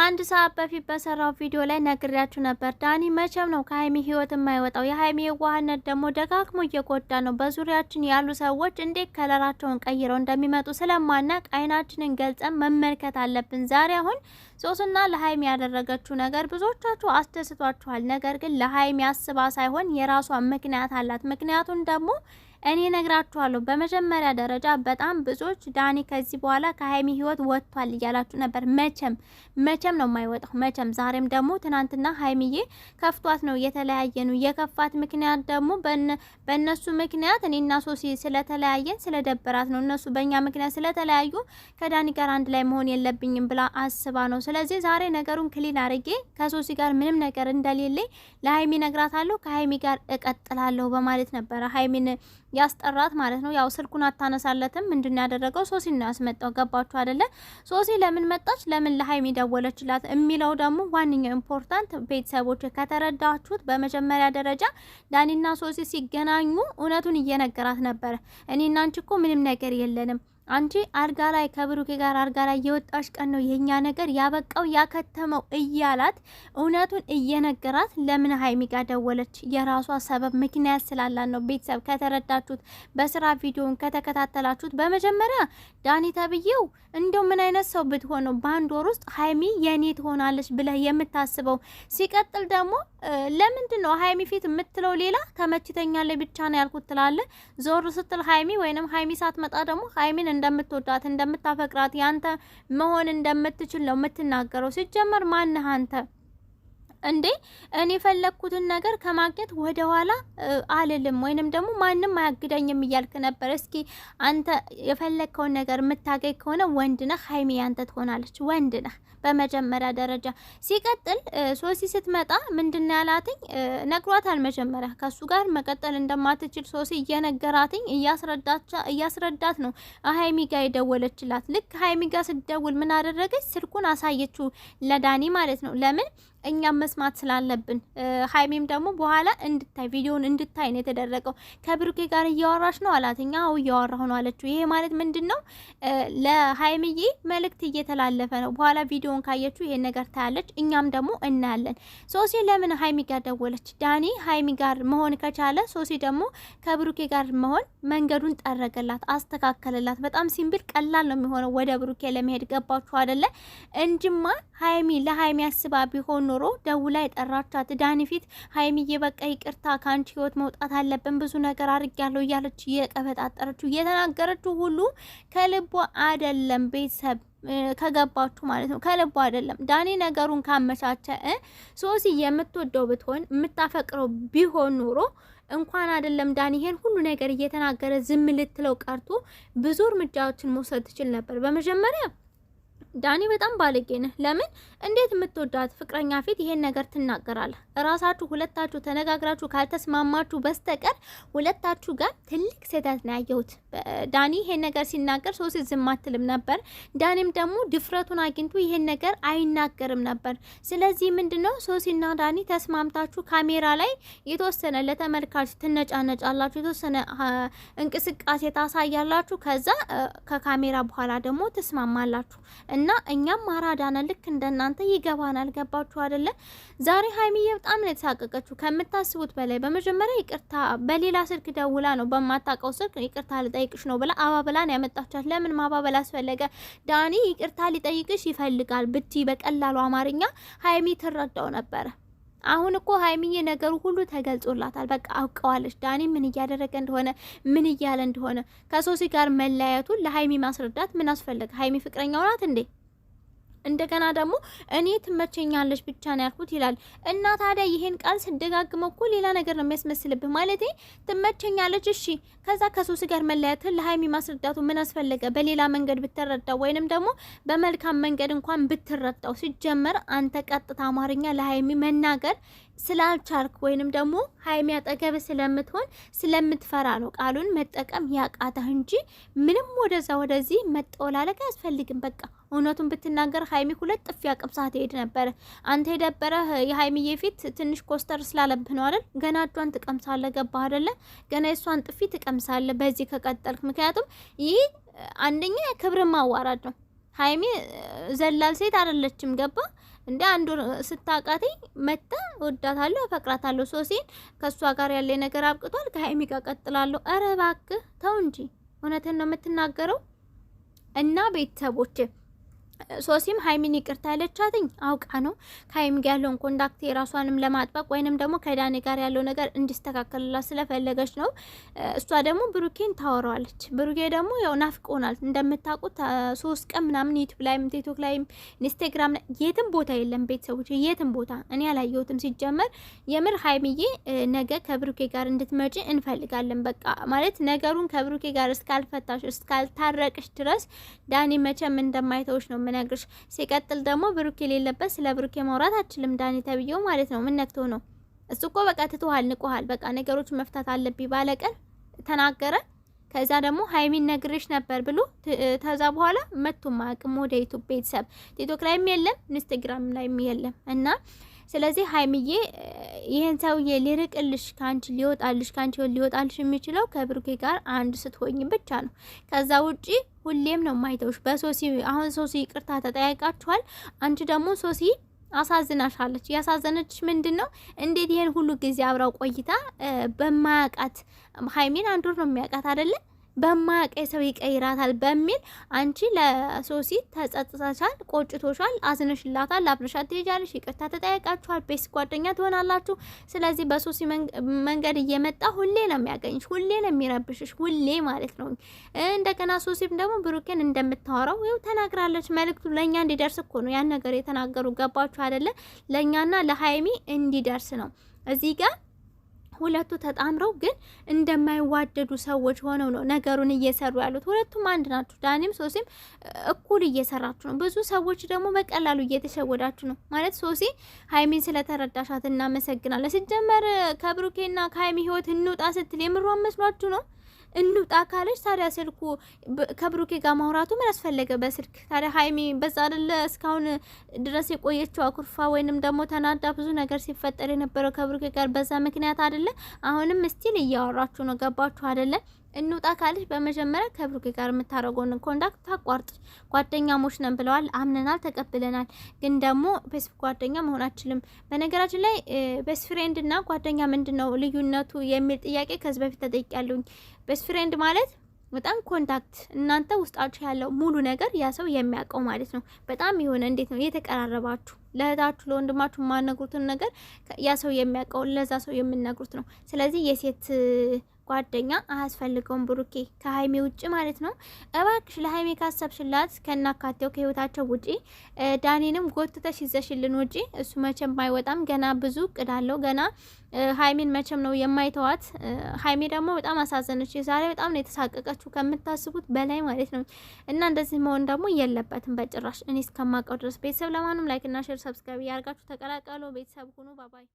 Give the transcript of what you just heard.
ከአንድ ሰዓት በፊት በሰራው ቪዲዮ ላይ ነግሬያችሁ ነበር። ዳኒ መቼም ነው ከሀይሚ ህይወት የማይወጣው። የሀይሚ የዋህነት ደግሞ ደጋግሞ እየጎዳ ነው። በዙሪያችን ያሉ ሰዎች እንዴት ከለራቸውን ቀይረው እንደሚመጡ ስለማናቅ አይናችንን ገልጸን መመልከት አለብን። ዛሬ አሁን ሶስና ለሀይሚ ያደረገችው ነገር ብዙዎቻችሁ አስደስቷችኋል። ነገር ግን ለሀይሚ አስባ ሳይሆን የራሷ ምክንያት አላት። ምክንያቱን ደግሞ እኔ ነግራችኋለሁ። በመጀመሪያ ደረጃ በጣም ብዙዎች ዳኒ ከዚህ በኋላ ከሀይሚ ህይወት ወጥቷል እያላችሁ ነበር። መቼም መቼም ነው የማይወጣው መቼም። ዛሬም ደግሞ ትናንትና ሀይሚዬ ከፍቷት ነው እየተለያየ ነው። የከፋት ምክንያት ደግሞ በእነሱ ምክንያት እኔና ሶሲ ስለተለያየን ስለደበራት ነው። እነሱ በእኛ ምክንያት ስለተለያዩ ከዳኒ ጋር አንድ ላይ መሆን የለብኝም ብላ አስባ ነው። ስለዚህ ዛሬ ነገሩን ክሊን አድርጌ ከሶሲ ጋር ምንም ነገር እንደሌለኝ ለሀይሚ ነግራታለሁ፣ ከሀይሚ ጋር እቀጥላለሁ በማለት ነበረ ሀይሚን ያስጠራት ማለት ነው። ያው ስልኩን አታነሳለትም። ምንድን ያደረገው ሶሲ ነው ያስመጣው። ገባችሁ አደለ? ሶሲ ለምን መጣች፣ ለምን ለሀይሚ ደወለችላት የሚለው ደግሞ ዋነኛው ኢምፖርታንት። ቤተሰቦች ከተረዳችሁት፣ በመጀመሪያ ደረጃ ዳኒና ሶሲ ሲገናኙ እውነቱን እየነገራት ነበረ። እኔ አንቺ እኮ ምንም ነገር የለንም አንቺ አልጋ ላይ ከብሩኬ ጋር አልጋ ላይ የወጣሽ ቀን ነው የኛ ነገር ያበቃው ያከተመው እያላት እውነቱን እየነገራት ለምን ሀይሚ ጋር ደወለች? የራሷ ሰበብ ምክንያት ስላላት ነው። ቤተሰብ ከተረዳችሁት፣ በስራ ቪዲዮን ከተከታተላችሁት፣ በመጀመሪያ ዳኒ ተብዬው እንደው ምን አይነት ሰው ብትሆነው በአንድ ወር ውስጥ ሀይሚ የኔ ትሆናለች ብለህ የምታስበው? ሲቀጥል ደግሞ ለምንድን ነው ሀይሚ ፊት የምትለው ሌላ ተመችተኛለ ብቻ ነው ያልኩት ትላለ። ዞር ስትል ሀይሚ ወይንም ሀይሚ ሳትመጣ ደግሞ ሀይሚን እንደምትወዳት እንደምታፈቅራት ያንተ መሆን እንደምትችል ነው የምትናገረው። ሲጀመር ማንህ አንተ? እንዴ እኔ የፈለግኩትን ነገር ከማግኘት ወደኋላ አልልም፣ ወይንም ደግሞ ማንም አያግደኝም እያልክ ነበር። እስኪ አንተ የፈለግከውን ነገር የምታገኝ ከሆነ ወንድ ነህ፣ ሀይሚ ያንተ ትሆናለች። ወንድ ነህ በመጀመሪያ ደረጃ። ሲቀጥል ሶሲ ስትመጣ ምንድን ያላትኝ ነግሯታል። መጀመሪያ ከሱ ጋር መቀጠል እንደማትችል ሶሲ እየነገራትኝ እያስረዳት ነው ሀይሚ ጋር የደወለችላት። ልክ ሀይሚ ጋር ስደውል ምን አደረገች? ስልኩን አሳየችው ለዳኒ ማለት ነው። ለምን እኛም መስማት ስላለብን ሀይሜም ደግሞ በኋላ እንድታይ ቪዲዮን እንድታይ ነው የተደረገው። ከብሩኬ ጋር እያወራሽ ነው አላት። እኛ አው እያወራሁ ነው አለችው። ይሄ ማለት ምንድን ነው? ለሀይምዬ መልእክት እየተላለፈ ነው። በኋላ ቪዲዮን ካየችው ይሄን ነገር ታያለች፣ እኛም ደግሞ እናያለን። ሶሲ ለምን ሀይሚ ጋር ደወለች? ዳኒ ሀይሚ ጋር መሆን ከቻለ ሶሲ ደግሞ ከብሩኬ ጋር መሆን መንገዱን ጠረገላት፣ አስተካከለላት። በጣም ሲምብል ቀላል ነው የሚሆነው ወደ ብሩኬ ለመሄድ ገባችሁ አደለ እንጅማ ሀይሚ ለሀይሚ አስባ ቢሆን ኖሮ ደውላ የጠራቻት ዳኒ ፊት ሀይሚ በቃ ይቅርታ ከአንቺ ህይወት መውጣት አለብን ብዙ ነገር አድርጊያለሁ እያለች እየቀበጣጠረችው እየተናገረችው ሁሉ ከልቦ አይደለም ቤተሰብ ከገባችሁ ማለት ነው። ከልቡ አይደለም። ዳኒ ነገሩን ካመቻቸ ሶሲ የምትወደው ብትሆን የምታፈቅረው ቢሆን ኖሮ እንኳን አይደለም ዳኒ ይሄን ሁሉ ነገር እየተናገረ ዝም ልትለው ቀርቶ ብዙ እርምጃዎችን መውሰድ ትችል ነበር በመጀመሪያ ዳኒ በጣም ባለጌ ነህ። ለምን እንዴት የምትወዳት ፍቅረኛ ፊት ይሄን ነገር ትናገራለህ? ራሳችሁ ሁለታችሁ ተነጋግራችሁ ካልተስማማችሁ በስተቀር ሁለታችሁ ጋር ትልቅ ስህተት ነው ያየሁት። ዳኒ ይሄን ነገር ሲናገር ሶሲ ዝም አትልም ነበር። ዳኒም ደግሞ ድፍረቱን አግኝቶ ይሄን ነገር አይናገርም ነበር። ስለዚህ ምንድን ነው ሶሲና ዳኒ ተስማምታችሁ ካሜራ ላይ የተወሰነ ለተመልካች ትነጫነጫላችሁ፣ የተወሰነ እንቅስቃሴ ታሳያላችሁ። ከዛ ከካሜራ በኋላ ደግሞ ትስማማላችሁ እና እና እኛም ማራዳና ልክ እንደናንተ ይገባናል። ገባችሁ አይደለ? ዛሬ ሀይሚዬ በጣም ነው የተሳቀቀችው ከምታስቡት በላይ። በመጀመሪያ ይቅርታ በሌላ ስልክ ደውላ ነው በማታውቀው ስልክ ይቅርታ ልጠይቅሽ ነው ብላ አባበላን ያመጣቻት። ለምን ማባበል አስፈለገ? ዳኒ ይቅርታ ሊጠይቅሽ ይፈልጋል ብቲ በቀላሉ አማርኛ ሀይሚ ትረዳው ነበረ። አሁን እኮ ሀይሚዬ ነገሩ ሁሉ ተገልጾላታል። በቃ አውቀዋለች ዳኒ ምን እያደረገ እንደሆነ ምን እያለ እንደሆነ። ከሶሲ ጋር መለያየቱን ለሀይሚ ማስረዳት ምን አስፈለገ? ሀይሚ ፍቅረኛው ናት እንዴ? እንደገና ደግሞ እኔ ትመቸኛለች ብቻ ነው ያልኩት ይላል። እና ታዲያ ይሄን ቃል ስደጋግመው እኮ ሌላ ነገር ነው የሚያስመስልብህ። ማለቴ ትመቸኛለች፣ እሺ፣ ከዛ ከሶስ ጋር መለያየትህ ለሀይሚ ማስረዳቱ ምን አስፈለገ? በሌላ መንገድ ብትረዳው ወይንም ደግሞ በመልካም መንገድ እንኳን ብትረዳው። ሲጀመር አንተ ቀጥታ አማርኛ ለሀይሚ መናገር ስላልቻልክ ወይንም ደግሞ ሀይሚ አጠገብ ስለምትሆን ስለምትፈራ ነው ቃሉን መጠቀም ያቃታህ እንጂ ምንም ወደዛ ወደዚህ መጠወላለግ አያስፈልግም። በቃ እውነቱን ብትናገር ሀይሚ ሁለት ያቅም አቅብሳት ሄድ ነበረ። አንተ የደበረህ የሀይሚዬ ፊት ትንሽ ኮስተር ስላለብህ ነው አይደል? ገና እጇን ትቀምሳለህ። ገባህ አይደለ? ገና የእሷን ጥፊ ትቀምሳለህ በዚህ ከቀጠልክ። ምክንያቱም ይህ አንደኛ ክብር ማዋራድ ነው። ሀይሚ ዘላል ሴት አይደለችም። ገባ እንደ አንዱ ስታቃተኝ መጣ ወዳታለሁ፣ አፈቅራታለሁ፣ ሶሴን ከእሷ ጋር ያለ ነገር አብቅቷል፣ ከሀይሚ ጋር ቀጥላለሁ። ኧረ እባክህ ተው እንጂ እውነትን ነው የምትናገረው። እና ቤተሰቦች ሶሲም ሀይሚን ይቅርታ ያለቻትኝ አውቃ ነው። ከሀይሚ ጋር ያለውን ኮንዳክት የራሷንም ለማጥበቅ ወይንም ደግሞ ከዳኔ ጋር ያለው ነገር እንዲስተካከልላት ስለፈለገች ነው። እሷ ደግሞ ብሩኬን ታወረዋለች። ብሩኬ ደግሞ ያው ናፍቆናል እንደምታውቁት ሶስት ቀን ምናምን ዩቱብ ላይም ቲክቶክ ላይም ኢንስታግራም ላይ የትም ቦታ የለም ቤተሰቦች፣ የትም ቦታ እኔ አላየሁትም። ሲጀመር የምር ሀይሚዬ ነገ ከብሩኬ ጋር እንድትመጪ እንፈልጋለን። በቃ ማለት ነገሩን ከብሩኬ ጋር እስካልፈታሽ እስካልታረቅሽ ድረስ ዳኔ መቼም እንደማይተውሽ ነው የምነግርሽ። ሲቀጥል ደግሞ ብሩክ የሌለበት ስለ ብሩክ ማውራት አችልም። ዳኒ ተብዬው ማለት ነው። ምን ነክቶ ነው? እሱ እኮ በቃ ትቶሃል፣ ንቆሃል። በቃ ነገሮች መፍታት አለብኝ ባለቀን ተናገረ። ከዛ ደግሞ ሀይሚን ነግሬሽ ነበር ብሎ ተዛ በኋላ መቶ ማቅም ወደ ዩቱብ ቤተሰብ ቲክቶክ ላይም የለም ኢንስታግራም ላይም የለም እና ስለዚህ ሀይሚዬ ይህን ሰውዬ ሊርቅልሽ ከአንቺ ሊወጣልሽ ከአንቺ ሊወጣልሽ የሚችለው ከብሩኬ ጋር አንድ ስትሆኝ ብቻ ነው። ከዛ ውጪ ሁሌም ነው ማይተውሽ በሶሲ አሁን ሶሲ ይቅርታ ተጠያይቃችኋል። አንቺ ደግሞ ሶሲ አሳዝናሻለች። ያሳዘነች ምንድን ነው? እንዴት ይሄን ሁሉ ጊዜ አብራው ቆይታ በማያቃት ሀይሜን አንዱር ነው የሚያውቃት አይደለም? በማያቀ ሰው ይቀይራታል በሚል አንቺ ለሶሲ ተጸጽተሻል፣ ቆጭቶሻል፣ አዝነሽላታል፣ አብረሻት ትሄጃለሽ፣ ይቅርታ ተጠያቃችኋል፣ ቤስ ጓደኛ ትሆናላችሁ። ስለዚህ በሶሲ መንገድ እየመጣ ሁሌ ነው የሚያገኝሽ፣ ሁሌ ነው የሚረብሽሽ፣ ሁሌ ማለት ነው። እንደገና ሶሲም ደግሞ ብሩኬን እንደምታወራው ይኸው ተናግራለች። መልእክቱ ለእኛ እንዲደርስ እኮ ነው ያን ነገር የተናገሩ ገባችሁ አይደለ? ለእኛና ለሀይሚ እንዲደርስ ነው እዚህ ጋር ሁለቱ ተጣምረው ግን እንደማይዋደዱ ሰዎች ሆነው ነው ነገሩን እየሰሩ ያሉት። ሁለቱም አንድ ናችሁ። ዳኒም ሶሲም እኩል እየሰራችሁ ነው። ብዙ ሰዎች ደግሞ በቀላሉ እየተሸወዳችሁ ነው ማለት ሶሲ ሀይሚን ስለተረዳሻት እናመሰግናለን። ሲጀመር ከብሩኬና ከሀይሚ ህይወት እንውጣ ስትል የምሯን መስሏችሁ ነው። እንውጣ ካለች ታዲያ ስልኩ ከብሩኬ ጋር ማውራቱ ምን አስፈለገ? በስልክ ታዲያ ሀይሚ በዛ አይደለ እስካሁን ድረስ የቆየችው አኩርፋ ወይንም ደግሞ ተናዳ ብዙ ነገር ሲፈጠር የነበረው ከብሩኬ ጋር በዛ ምክንያት አይደለ? አሁንም ስቲል እያወራችሁ ነው። ገባችሁ አደለ? እንውጣ ካልሽ በመጀመሪያ ከብሩኬ ጋር የምታደርገውን ኮንዳክት ታቋርጥ። ጓደኛሞች ነን ብለዋል፣ አምነናል፣ ተቀብለናል። ግን ደግሞ ፌስቡክ ጓደኛ መሆን አችልም። በነገራችን ላይ ቤስት ፍሬንድ እና ጓደኛ ምንድን ነው ልዩነቱ የሚል ጥያቄ ከዚህ በፊት ተጠይቄያለሁኝ። ቤስት ፍሬንድ ማለት በጣም ኮንታክት እናንተ ውስጣችሁ ያለው ሙሉ ነገር ያ ሰው የሚያውቀው ማለት ነው። በጣም የሆነ እንዴት ነው እየተቀራረባችሁ ለእህታችሁ ለወንድማችሁ የማነግሩትን ነገር ያ ሰው የሚያውቀው ለዛ ሰው የምነግሩት ነው። ስለዚህ የሴት ጓደኛ አያስፈልገውም። ብሩኬ ከሀይሜ ውጭ ማለት ነው። እባክሽ ለሀይሜ ካሰብሽላት ከናካቴው ከህይወታቸው ውጪ ዳኔንም ጎትተሽ ይዘሽልን ውጪ። እሱ መቼም አይወጣም። ገና ብዙ እቅድ አለው። ገና ሀይሜን መቼም ነው የማይተዋት። ሀይሜ ደግሞ በጣም አሳዘነች። የዛሬ በጣም ነው የተሳቀቀችው ከምታስቡት በላይ ማለት ነው። እና እንደዚህ መሆን ደግሞ የለበትም በጭራሽ እኔ እስከማውቀው ድረስ ቤተሰብ። ለማንም ላይክና ሼር ሰብስክራይብ እያርጋችሁ ተቀላቀሉ ቤተሰብ ሁኑ። ባባይ